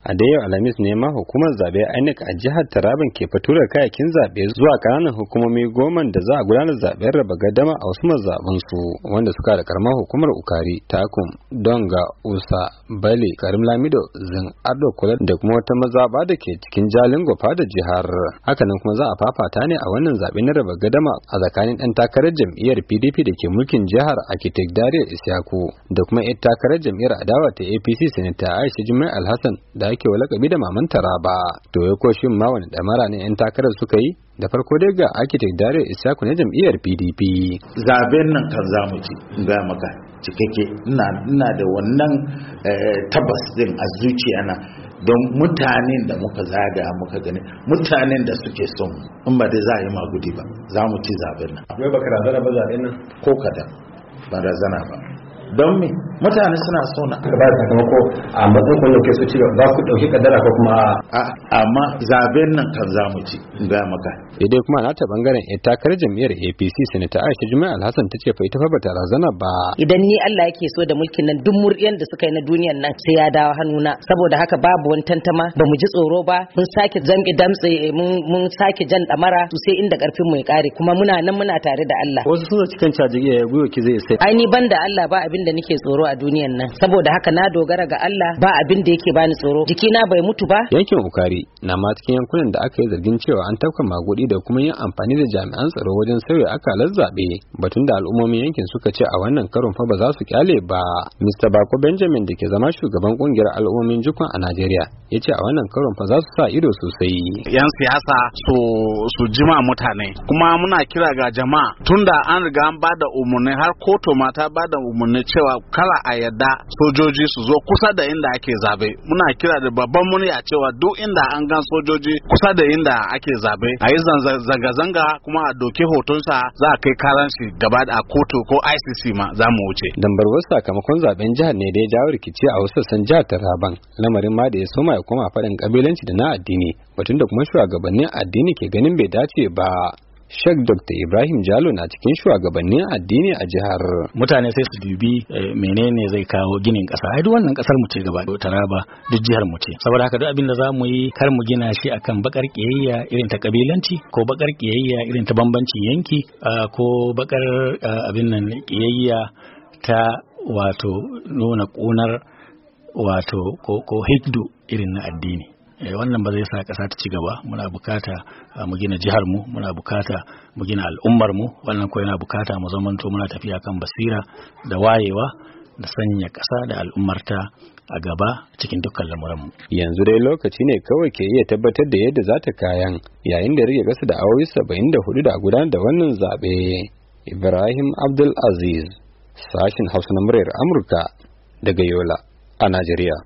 a da yau alhamis ne ma hukumar zabe inec a jihar taraban ke faturar kayakin zabe zuwa kananan hukumomi goma da za a gudanar zaben raba gadama a wasu mazaɓin su wanda suka da karamar hukumar ukari takum donga usa bale karim lamido zin ardo kula da kuma wata mazaɓa da ke cikin jalin gofa da jihar hakanan kuma za a fafata ne a wannan zaɓen na raba gadama a tsakanin ɗan takarar jam'iyyar pdp da ke mulkin jihar architect dariya isyaku da kuma ɗan takarar jam'iyyar adawa ta apc sanata aisha jimai alhassan da ake wa lakabi da maman Taraba. To ya koshi ma wani damara ne 'yan takarar suka yi? da farko dai ga architect Dario Isaku ne jam'iyyar PDP. Zaben nan kan zamu ci ga maka cikakke ina da wannan eh, tabbas din a zuciya na don mutanen da muka zaga muka gani mutanen da suke son in ba dai za a yi magudi ba za mu ci zaben nan. akwai baka razana ba zaben nan? Ko kada ba razana ba. Don me mutane suna so na ba da sakamako a matsayin kun ke so cewa za ku dauki kaddara ko kuma amma zaben nan kan za mu ci ga maka idan kuma na ta bangaren ita takarar jami'ar APC sanata Aisha Juma'a Alhassan ta ce fa ita fa bata razana ba idan ni Allah yake so da mulkin nan duk muryan da suka yi na duniyar nan sai ya dawo hannuna saboda haka babu wani tantama ba mu ji tsoro ba mun sake zamki damtse mun sake jan damara to sai inda karfin mu ya kare kuma muna nan muna tare da Allah wasu suna cikin caji ya gwiwa ki zai sai ai ni banda Allah ba abin da nake tsoro a duniyan nan saboda haka na dogara ga Allah ba abin da yake bani tsoro na bai mutu ba yankin ukari na ma cikin yankunan da aka yi zargin cewa an tafka magudi da kuma yin amfani da jami'an tsaro wajen sauya akalar zaɓe batun da al'ummomin yankin suka ce a wannan karon fa ba za su kyale ba Mr. Bako Benjamin da ke zama shugaban kungiyar al'ummomin jukun a Najeriya ya ce a wannan karon fa za su sa ido sosai yan siyasa su su jima mutane kuma muna kira ga jama'a tunda an riga an bada umarni har kotu ma ta bada umarni cewa kala a yadda sojoji su zo kusa da inda ake zabe muna kira da babban murya cewa duk inda an gan sojoji kusa da inda ake zabe a yi zanga-zanga kuma a doke hotonsa za a kai karan shi gaba a kotu ko ICC ma za mu wuce. wasu sakamakon zaben jihar ne da ya jawo rikici a wasu sassan jihar Taraban lamarin ma da ya soma ya koma faɗin kabilanci da na addini batun da kuma shugabannin addini ke ganin bai dace ba. shek Dr. Ibrahim Jalo na cikin shugabannin addini a jihar. Mutane sai su dubi eh, menene zai kawo ginin ƙasa. Ai duk wannan ƙasar mu ce gaba da Taraba duk jihar mu ce. Saboda haka duk abin da zamu yi kar mu gina shi akan bakar kiyayya irin ta kabilanci ko bakar kiyayya irin ta bambanci yanki ko bakar abin nan kiyayya ta wato nuna ƙunar wato ko hiddu irin na addini. Eh, wannan ba zai sa kasa ta ci gaba muna bukata ah, mu gina jihar mu muna bukata mu gina al'ummar mu wannan ko yana bukata mu zamanto muna tafiya kan basira da wayewa da sanya kasa da al'ummarta a gaba cikin dukkan lamuranmu. Yanzu dai lokaci ne kawai ke iya tabbatar da yadda za ta kayan yayin da rage gasa da awowi saba'in da hudu da gudanar da wannan zaɓe. Ibrahim AbdulAziz Aziz, sashin Hausa na muryar Amurka daga Yola a Najeriya.